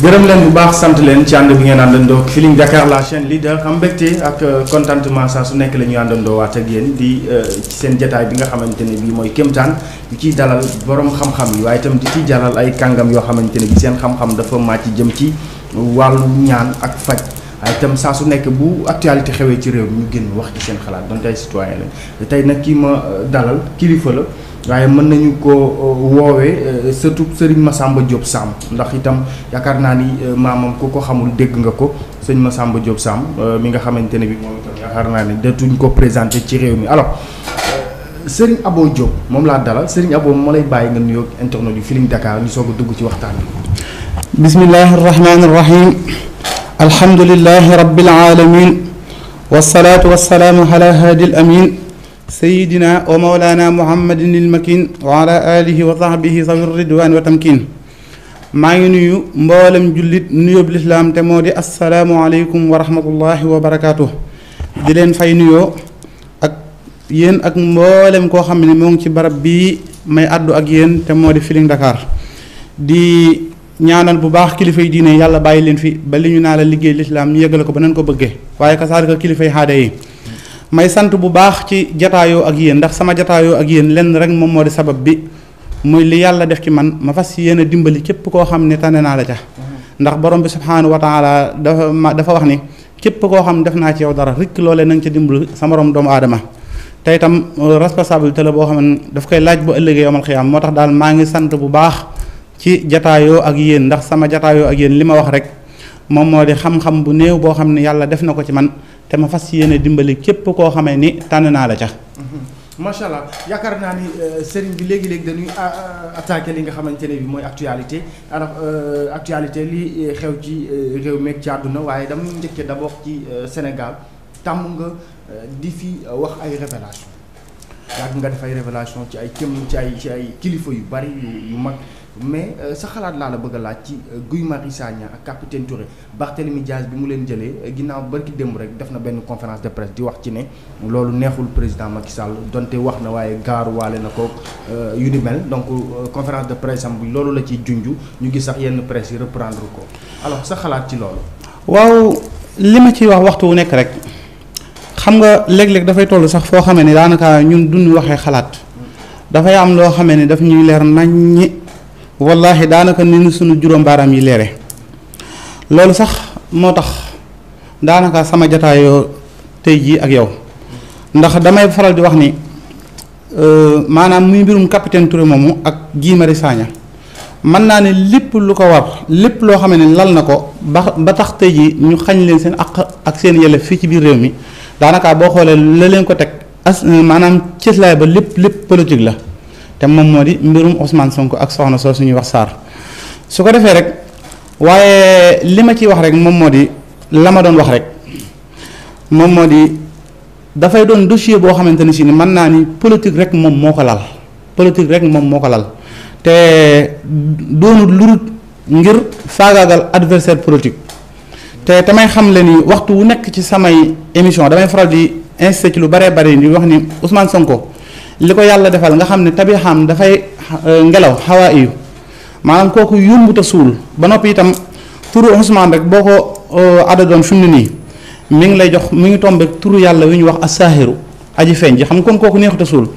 gërëm leen bu baax sant leen ci ànd bi ngeen àndandoo Feeling Dakar la chaîne leader am mbégte ak euh, contentement saa su nekk la ñuy àndandoo waat ak yéen di euh, seen jataay bi nga xamante ne bii mooy kéemtaan di ciy dalal borom xam waaye itam di ciy dalal ay kàngam yoo xamante ne bi seen xam-xam dafa màcc jëm ci wàllu ñaan ak faj waaye itam saa su nekk bu actualité xewee ci réew mi ñu génn wax ci seen xalaat donte ay citoyen lañ tey nag kii ma euh, dalal kilifa la. waaye mën nañu ko euh, woowee euh, surtout ma sàmba Diop Samb ndax itam yaakaar naa ni euh, maamam ku ko xamul dégg nga ko sëñ sàmba Diop Samb mi nga xamante ne bi moom itam yaakaar naa ni datuñ ko présenté ci réew mi alors Serigne Abo Diop moom laa dalal Serigne Abo moo lay bàyyi nga nuyoog internet yu Feeling Dakar ñu soog a dugg ci waxtaan bi. bismillahi rahmaani rahim alhamdulillahi rabbil alamin wasalaatu wasalaamu ala amin سيدنا ومولانا محمد المكين وعلى آله وصحبه صبر الردوان وتمكين maa ngi nuyu mboolem jullit nuyób lislaam te moo di asalaamualeykum wa rahmatullahi wa barakaatu di leen fay nuyoo ak yéen ak mboolem koo xam ne moo ngi ci barab bii may àddu ak yéen te moo di Feeling ndakaar di ñaanal bu baax kilifay diine yàlla bàyyi leen fi ba li ñu naa la liggéey lislaam ñu yëggale ko ba nañ ko bëggee waaye kasaalika kilifay xaada yi may sant bu baax ci jataayoo ak yéen ndax sama jataayoo ak yéen lenn rek moom moo di sabab bi muy li yàlla def ci man ma fas yéen a dimbali képp koo xam ne tane naa la ca ndax borom bi subhaanahu wa taala dafa ma dafa wax ni képp koo xam def naa ci yow dara rikk loolee na nga ca dimbali sa morom doomu aadama te itam euh, responsabilité la boo xam ne daf koy laaj bu ëllëgee yomal xiyaam moo tax daal maa ngi sant bu baax ci jataayoo ak yéen ndax sama jataayoo ak yéen li ma wax rek moom moo di xam-xam bu néew boo xam ne yàlla def na ko ci man te ma fas yéene dimbali képp koo xamee ni tànn naa la ca. Mm-hmm. macha allah yaakaar naa ni euh, sëriñ bi léegi léegi dañuy euh, attaqué li nga xamante ne bi mooy actualité alors euh, actualité li xew ci réew meeg ci àdduna waaye dama njëkkee d'abord ci Sénégal tàmm nga di fi wax ay révélation yàgg nga def ay révélation ci ay këm ci ay ci ay kilifa yu bari yu mag. mais euh, sa xalaat laa la bëgg a laaj ci euh, Guy Marius Sagna ak capitaine Touré Barthélemy Diaz bi mu leen jëlee euh, ginnaaw barki dem rek def na benn conférence de presse di wax ci ne loolu neexul président ma Sall donte wax na waaye gaaru waale na ko yu ni mel donc conférence de presse loolu la ciy junj ñu gis sax yenn presse yi reprendre ko alors sa xalaat ci loolu. waaw li ma ciy wax waxtu wu nekk rek xam nga léeg-léeg dafay toll sax foo xamee ne daanaka ñun duñu waxee xalaat dafay am loo xamee ne daf ñuy leer naññi. wallahi daanaka ni ñu sunu juróom baaraam yi leere loolu sax moo tax daanaka sama jataayoo tey jii ak yow ndax damay faral di wax ni euh, maanaam muy mbirum capitaine Touré moomu ak Guy Marius Sagna mën naa ne lépp lu ko war lépp loo xam ni lal na ko ba ba tax tey jii ñu xañ leen seen àq ak seen yelleef fii ci biir réew mi daanaka boo xoolee la ko teg as euh, maanaam cëslaay ba lépp lépp politique la. te moom moo di mbirum Ousmane Sonko ak soxna soo suñu wax saar su ko defee rek waaye li ma ciy wax rek moom moo di la ma doon wax rek moom moo di dafay doon dossier boo xamante ne si ni mën naa ni politique rek moom moo ko lal politique rek moom moo ko lal te doonul lurut ngir faagaagal adversaire politique te tamay xam le ni waxtu wu nekk ci samay émission damay faral di insisté ci lu baree bari di wax ni Ousmane Sonko. li ko yàlla defal nga xam ne tabixam dafay euh, ngelaw xawaa iyu maanaam kooku yombuta suul ba noppi itam turu Ousmane rek boo ko euh, adadoon fi mu ne nii mu ngi lay jox mi ngi tombe turu yàlla wi ñu wax asaahiru aji feeñ ji xam kon kooku neexuta suul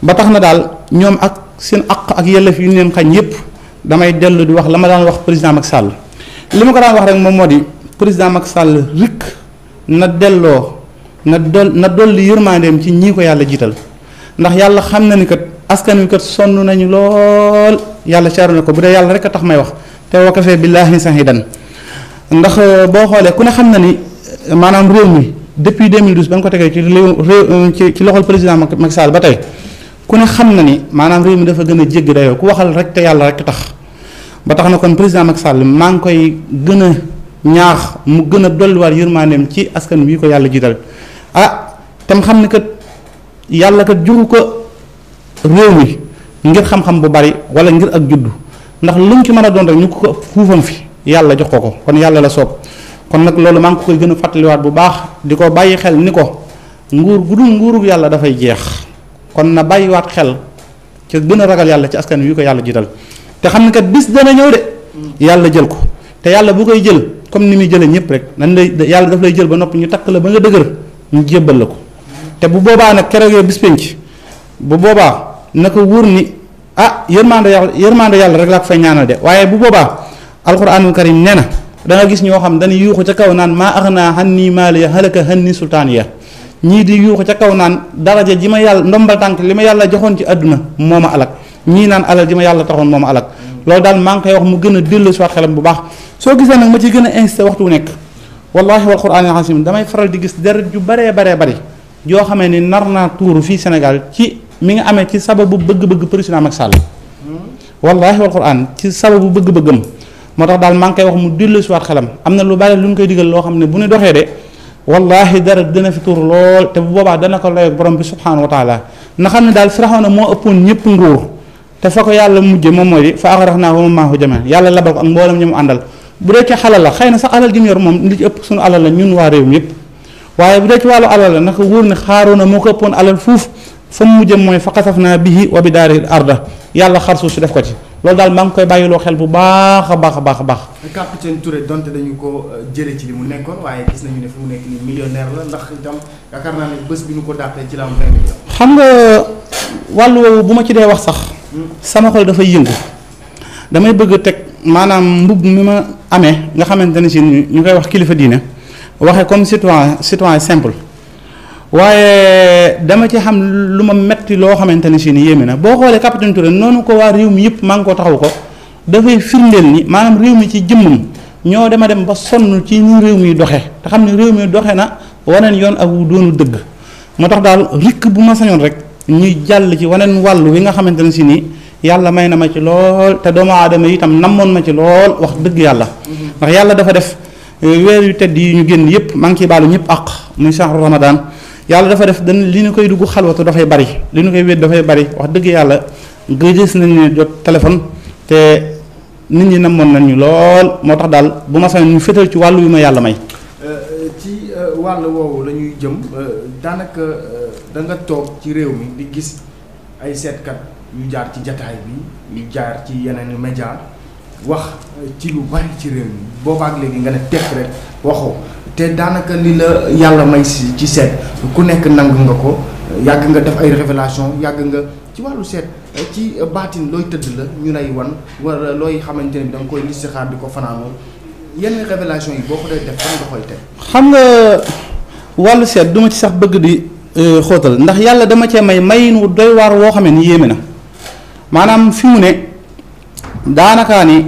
ba tax na daal ñoom ak seen aq ak yelleef yu ñu leen xañ yépp damay dellu di wax la ma daan wax président Macky sàll li ma ko daan wax rek moom moo di président Macky Sall rikk na delloo na dol na dolli yërmandeem ci ñii ko yàlla jiital ndax yàlla xam na ni kat askan wi kat sonn nañu lool yàlla seeru ko bu dee yàlla rek a tax may wax te wakafee billaahi sahidan ndax euh, boo xoolee ku ne xam na ni euh, maanaam réew mi depuis 2012 ba nga ko tegee ci réew euh, ci loxol président Macky Sall tey ku ne xam na ni maanaam réew mi dafa gën a jéggi dayoo ku waxal rek te yàlla rek a tax ba tax na kon président Macky Sall maa ngi koy gën a ñaax mu gën a dolliwaat yërmandeem ci askan wi ko yàlla jiital ah tam xam ni yàlla kat juru ko réew mi ngir xam-xam bu bari wala ngir ak juddu ndax luñ ci mën a doon rek ñu ko fuufam fi yàlla jox ko ko kon yàlla la soob kon nag loolu maa ko koy gën a fàttaliwaat bu baax di ko bàyyi xel ni ko nguur gu dul nguurug yàlla dafay jeex kon na bàyyiwaat xel ci gën a ragal yàlla ci askan wi ko yàlla jiital te xam ne kat bis dana ñëw de yàlla jël ko te yàlla boo koy jël comme ni muy jëlee ñëpp rek nan lay yàlla daf lay jël ba noppi ñu takk la ba nga dëgër ñu jébbal ko. te bu boobaa nag keroogee bis penc bu boobaa na ko wóor ni ah yërmande yàlla yërmande yàlla rek laa ko fay ñaanal de waaye bu boobaa alquranul karim nee na da nga gis ñoo xam dañuy yuuxu ca kaw naan maa ax naa xan nii maaliya xalaka xan ni sultaaniya ñii di yuuxu ca kaw naan daraja ji ma yàlla ndombal tànk li ma yàlla joxoon ci àdduna moo ma alak ñii naan alal ji ma yàlla taxoon moo ma alak loolu daal maa ngi koy wax mu gën a dellu si xelam bu baax soo gisee nag ma ci gën a insisté waxtu wu nekk wallahi wal quraan al aziim damay faral di gis deret ju baree baree bari yoo xamee ni nar naa tuuru fii Sénégal ci mi ngi amee ci sababu bëgg-bëgg président Macky Sall wallaahi wal quran ci sababu bëgg-bëggam moo tax daal maa ngi koy wax mu dellu si waat xelam am na lu bari lu ñu koy digal loo xam ne bu ñu doxee de wallaahi dara dina fi tuuru lool te bu boobaa dana ko layoog borom bi subhaanahu wa na xam ne daal Firawna moo ëppoon ñëpp nguur te fa ko yàlla mujje moom mooy fa aghraqnaa wa man ma'ahu jamii'an yàlla labal ko ak mboolem ñi mu àndal bu dee ci xalal la xëy na sax alal gi ñu ëpp suñu alal la ñun waa réew mi waaye bu dee ci wàllu alal la naka wóor ne xaaroona moo ko ëppoon alal fuuf fa mu mooy fa xasaf naa bihi wa bi daari arda yàlla xar suuf si def ko ci loolu daal maa ngi koy bàyyiloo xel bu baax baax a baax a donte dañu ko euh, jëlee ci li mu nekkoon waaye gis nañu ne fu mu nekk nii millionnaire la ndax itam yaakaar naa ne bés bi ñu ko dàqee ci la xam nga wàllu ma ci dee wax sax. Hmm. sama xol dafay yëngu damay bëgg a teg maanaam mbubb mi ma amee nga xamante ne si ñu koy wax kilifa diine. waxe comme citoyen citoyen simple waaye dama ci xam lu ma metti loo xamante ne si ni yéeme na boo xoolee capitaine Touré noonu ko waa réew mi yëpp maa ko taxaw ko dafay firndeel ni maanaam réew mi ci jëmmam ñoo dema dem ba sonn ci ñu réew mi doxe te xam ne réew mi doxe na waneen yoon ak wu doonu dëgg moo tax daal rikk bu ma sañoon rek ñuy jàll ci waneen wàll wi nga xamante ne si nii yàlla may na ma ci lool te doomu aadama itam namoon ma ci lool wax dëgg yàlla mm-hmm. dafa def weer yu tedd yi ñu génn yëpp maa ngi ciy baalu ñëpp àq muy saaru Ramadan yàlla dafa def dañ li ñu koy dugg xalwatu dafay bari li ñu koy wéet dafay bari wax dëgg yàlla gëjës nañ ne jot téléphone te nit ñi namoon nañ ñu lool moo tax daal bu ma sañoon ñu féetal ci wàllu yu ma yàlla may. Euh, ci euh, wàll woowu lañuy jëm euh, daanaka danga toog ci réew mi di gis ay seetkat yu jaar ci jataay bi yu jaar ci yeneen média wax ci lu bari ci réew mi boobaak léegi nga ne tekk rek waxoo te daanaka li la yàlla may si ci seet ku nekk nangu nga ko yàgg nga def ay révélation yàgg nga ci wàllu seet ci baatin looy tëdd la ñu lay wan wala looy xamante ne da nga koy listixaar di ko fanaanoo yenn révélation yi boo ko dee def fan nga koy teg xam nga wàllu seet duma ci sax bëgg di euh, xootal ndax yàlla dama cee may mayin wu doy war woo xam ne ni yéeme na maanaam fi mu ne daanakaa ni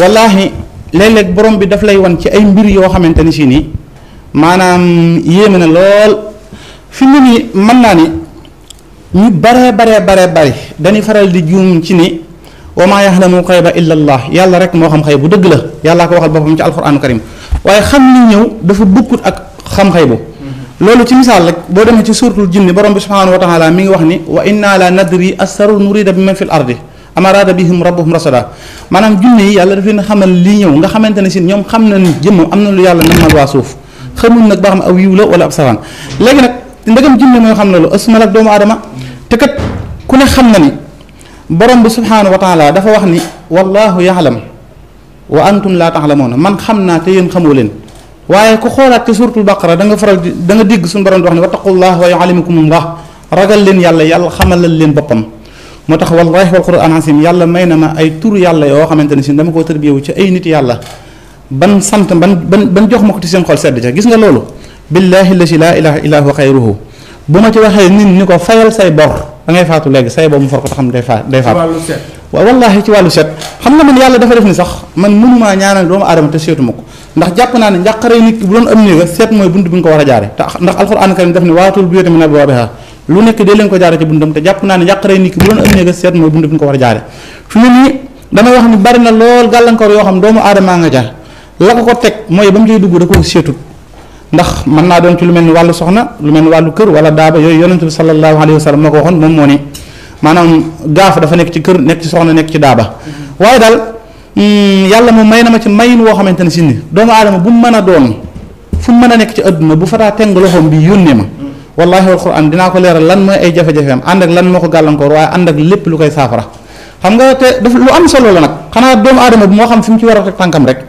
wallaahi léeg-léeg borom bi daf lay wan ci ay mbir yoo xamante ni si nii maanaam yéeme na lool fi mu ni man naa ni ñu bare bare bare bari dañuy faral di juum ci ni wa maa yaxlamu xayba rek moo xam xay bu dëgg la yàllaa ko waxal boppam ci alquranu karim waaye xam ni ñëw dafa bukkut ak xam xay bu loolu ci misaal rek boo demee ci suuratul jinni borom bi subhaanahu wa taala mi ngi wax ni wa inna la nadri asaru nurida bi man fi ardi amarada bihim rabbuhum rasada maanaam junne yi yàlla daf leen xamal li ñëw nga xamante ne si ñoom xam na ni jëmmam am na lu yàlla nammal waa suuf xamuñ nag ba xam aw yiw la wala ab safaan léegi nag ndegam junne mooy xam na lu asmal ak doomu aadama te kat ku ne xam na ni borom bi subhaanahu wa taala dafa wax ni wallahu yaalam wa antum laa tax la taalamoona man xam naa te yéen xamoo leen waaye ku xoolaat ci suuratul baqara da nga faral di da nga dégg suñu borom di wax ne wattaqullah wa yuallimukumullah ragal leen yàlla yàlla xamalal leen boppam moo tax wallaahi wal quraan asim yàlla may na ma ay tur yàlla yoo xamante ne si dama koo tërbiyewu ci ay nit yàlla ban sant ban ban ban jox ma ko ci seen xol sedd ca gis nga loolu billaahi la si laa ilaha illa huwa xayruhu bu ma ci waxee nit ñi ko fayal say bor da ngay faatu léegi say bor mu for ko taxam day faat day faatu waaw xam nga man yàlla dafa def ni sax man mënumaa ñaanal doomu aadama te seetuma ko ndax jàpp naa ne njàqare nit bu doon am néega seet mooy bunt bi nga a jaare te ndax alquran karim waatul buyuuta min lu nekk dee leen ko jaare ci bundam te jàpp naa ne njàqare nit ki bu doon am néega seet mooy bund fi ñu ko war a jaare fi mu nii dama wax ni bari na lool gàllankoor yoo xam doomu aadamaa nga jaar la ko ko teg mooy ba mu cay dugg da ndax mën naa doon ci lu mel ni wàllu soxna lu mel ni wàllu kër wala daaba yooyu yonent bi sallallahu alayhi wa sallam moo ko waxoon moom moo ne maanaam gaaf dafa nekk ci kër nekk ci soxna nekk ci daaba waaye daal hmm, yàlla moom may na ma ci mayin woo xamante ne si ni doomu aadama bu mu mën a doon fu mu mën a nekk ci àdduna bu fataa teng loxoom bi yónnee ma wallaahi wal quran dinaa ko leeral lan mooy ay jafe-jafeem ànd ak lan moo ko gàllankoor waaye ànd ak lépp lu koy saafara xam nga te daf lu am solo la nag xanaa doomu aadama bi moo xam fi mu ci war a teg rek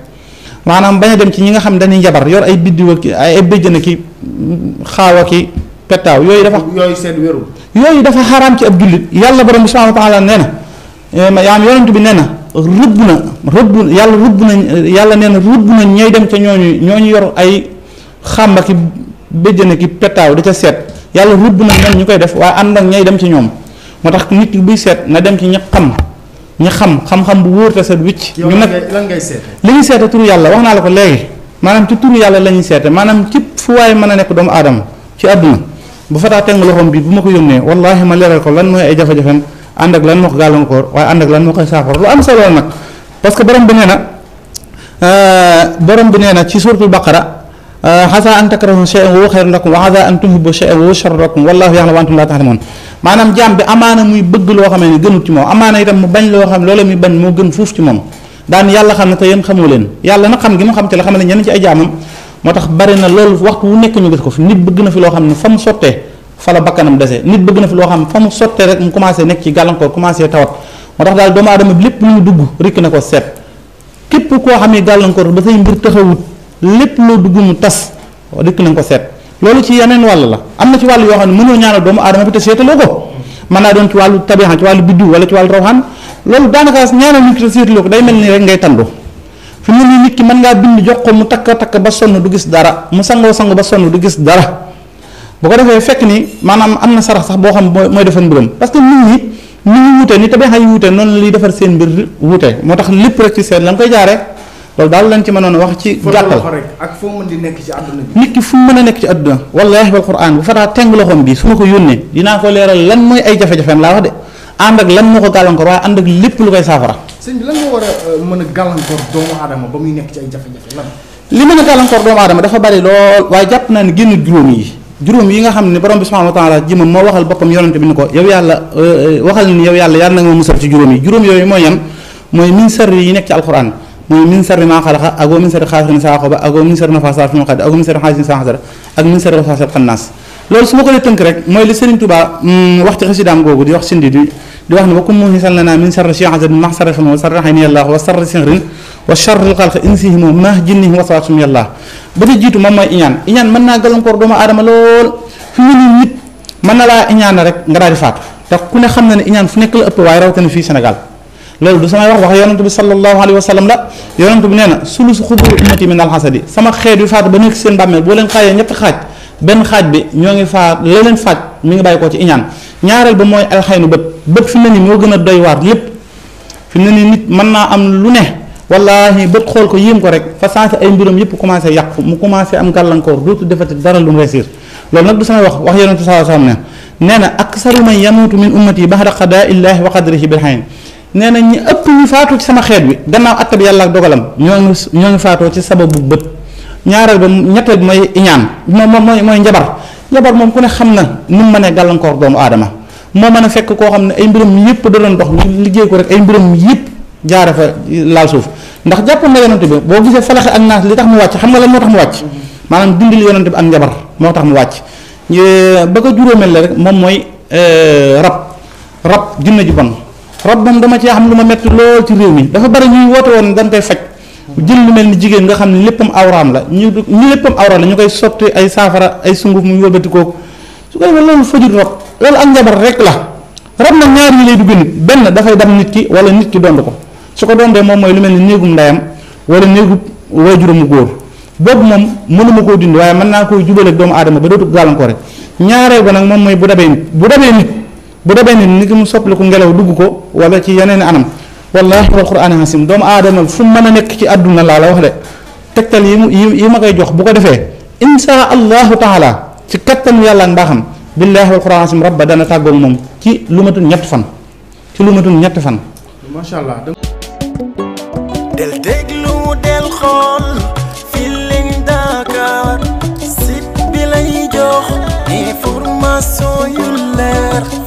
maanaam bañ dem ci ñi nga xam dañuy njabar yor ay biddiwa ki ay béjjën ki xaawa ki pettaaw yooyu dafa yooyu seen wérul yooyu dafa xaraam ci ab yàlla borom bi subhanahu wa taala na eh, yaa am bi nee na rëbb na yàlla rëbb na yàlla nee na rëbb na ñooy dem ca ñooñu ñooñu yor ay xàmba ki béjjën ki pettaaw da ca seet yàlla rudd na ñoom ñu koy def waaye ànd ak ñay dem ci ñoom moo tax nit ki buy seet na dem ci ñi xam ñi xam xam-xam bu wóor te set wicc. ñu nag lan ngay seete. li ñuy seete turu yàlla wax naa la ko léegi maanaam ci turu yàlla la ñuy seete maanaam ci fu waaye mën a nekk doomu aadama ci àdduna bu fataa teg loxoom bi bu ma ko yónnee wallaahi ma leeral ko lan mooy ay jafe-jafeem ànd ak lan moo ko gàllankoor waaye ànd ak lan moo koy saafara lu am solo nag parce que borom bi nee na euh, ci suuratul baqara xasa an takrahu shay'an wa xayrun lakum wa xasa an tuhibbu shay'an wa sharrun lakum maanaam jaam bi amaana muy bëgg loo xamee ne gënut ci moom amaana itam mu bañ loo xam loola muy bañ moo xam ne leen yàlla nag xam gi mu xam ci la xam ne ñenn ci ay jaamam moo tax bari na loolu waxtu wu nekk ñu gis ko fi nit bëgg na fi loo xam ne fa mu sottee fa la bakkanam dese nit bëgg na fi loo xam ne fa mu sottee rek mu commencé nekk ci gàllankoor commencé tawat moo tax daal doomu aadama bi lépp lu mu dugg rikk na ko seet képp koo xam ne gàllankoor ba say lépp loo dugg mu tas dëkk nañ ko seet loolu ci yeneen wàll la am na ci wàll yoo xam ne mënoo ñaanal doomu aadama bi te seetaloo ko mën naa doon ci wàll tabixa ci wàllu biddiw wala ci wàllu rawxaan loolu daanaka ñaanal nit ki te seetaloo ko day mel ni rek ngay tandu fi mu ne nit ki mën ngaa bind jox ko mu takk takk ba sonn du gis dara mu sangoo sango ba sonn du gis dara bu ko defee fekk ni maanaam am na sarax sax boo xam mooy defar mbiram parce que nit ñi ni noonu lay defar seen mbir wutee moo tax lépp rek ci seen la koy jaaree loolu daal lañ ci mënoon a wax ci gàttal ak foo mën di nekk ci àdduna bi nit ki fu mu mën a nekk ci àdduna wallaahi wal quraan bu fataa teng loxoom bi su ko yónnee dinaa ko leeral lan mooy ay jafe laa wax lan moo ko gàllankoor waaye ak lépp lu koy saafara sëñ bi lan moo war a euh, mën a gàllankoor doomu aadama ba muy nekk ci ay jafe-jafe lan li mën a gàllankoor doomu aadama dafa bari lool waaye jàpp naa ne génn juróom yi juróom yi nga xam ne borom bi subhanahu wa taala moo waxal boppam yonante bi ni ko yow yàlla euh, waxal ni yow yàlla yàlla na nga ma musal ci juróom yi juróom yooyu mooy yan mooy min yi nekk ci alquran mooy min sarri maa xalaqa ak wa min sarri xaasiqin saa xoba ak min sarri nafaasaat xannaas loolu su ma ko dee tënk rek mooy li Serigne Touba mm, wax ci xasidaam googu di wax sindi di di wax ne ba kum muhisal lanaa min sarri chiasatin max sarri xayni yàllaah wa sarri sixrin wa charril xalq insihim wa max jinnihim ba ca jiitu moom mooy iñaan iñaan mën naa gàllankoor doomu aadama lool fi mu ne nit mën na laa iñaan rek nga daal di faatu ndax ku ne xam na ne iñaan fu nekk la ëpp waaye rawatina loolu du samay wax wax yonent bi sallallahu la yonent bi nee na sulus xuburi ummati min alxasadi sama xeet boo leen xaajee ñetti xaaj benn xaaj bi ñoo ngi faat la leen faaj ngi bàyyi ko ci iñaan ñaareel ba mooy alxaynu bët bët fi mu ne nii moo gën a doy waar lépp fi mu ne mën naa am lu ne wallaahi bët xool ko yéem ko rek fa santé ay mbiram yëpp commencé yàqu mu commencé am gàllankoor dootu defati dara lu loolu nag du samay wax wax yonent bi sallallahu alayhi wa sallam ne nee na aksaru man yamuutu min ummati baxda qadaa illaahi wa qadrihi bil xayn nee nañ ñi ëpp ñu faatu ci sama xeet bi gannaaw attab yàlla ak dogalam ñoo ngi ñoo ngi faatoo ci sababu bët ñaareel ba ñetteel bi mooy iñaan moo mooy mooy njabar njabar moom ku ne xam na ni mu mënee gàllankoor doomu aadama moo mën a fekk koo xam ne ay mbiram yëpp da doon dox ñu liggéey ko rek ay mbiram yëpp jaare fa laal suuf ndax na yonante bi boo gisee falaxe ak naas li tax mu wàcc xam nga lan moo tax mu wàcc maanaam dindil yonante bi ak njabar moo tax mu wàcc ba ko juróomeel la rek moom mooy euh, rab rab jinne ju bon rab moom dama ci xam lu ma metti lool ci réew mi dafa bari ñuy woote woon dañ koy faj jël lu mel ni jigéen nga xam ne léppam awraam la ñu ñu léppam awraam la ñu koy sotti ay saafara ay sunguf muy wëlbati kooku su ko defee loolu fajut rab loolu ak njabar rek la rab nag ñaar ñi lay dugg nit benn dafay dam nit ki wala nit ki dond ko su ko dondee moom mooy lu mel ni néegum ndeyam wala néegub waajuramu góor boobu moom mënuma koo dindi waaye mën naa koy jubale ak aadama ba dootu gàllankoore ñaareel ba nag moom mooy bu dabee bu dabee nit bu demee ne ni ki mu soppaliku ngelaw dugg ko wala ci yeneen anam wallahi wal quraan hasim doomu aadama fu mën a nekk ci àdduna laa la wax de tegtal yi mu yi ma koy jox bu ko defee insha allahu taala ci kattanu yàlla ak mbaaxam billaahi wal quraan hasim rabba dana tàggoog moom ci lu matul ñetti fan ci lu matul ñetti fan macha allah del déglu del xool Feeling Dakar site bi lay jox information yu leer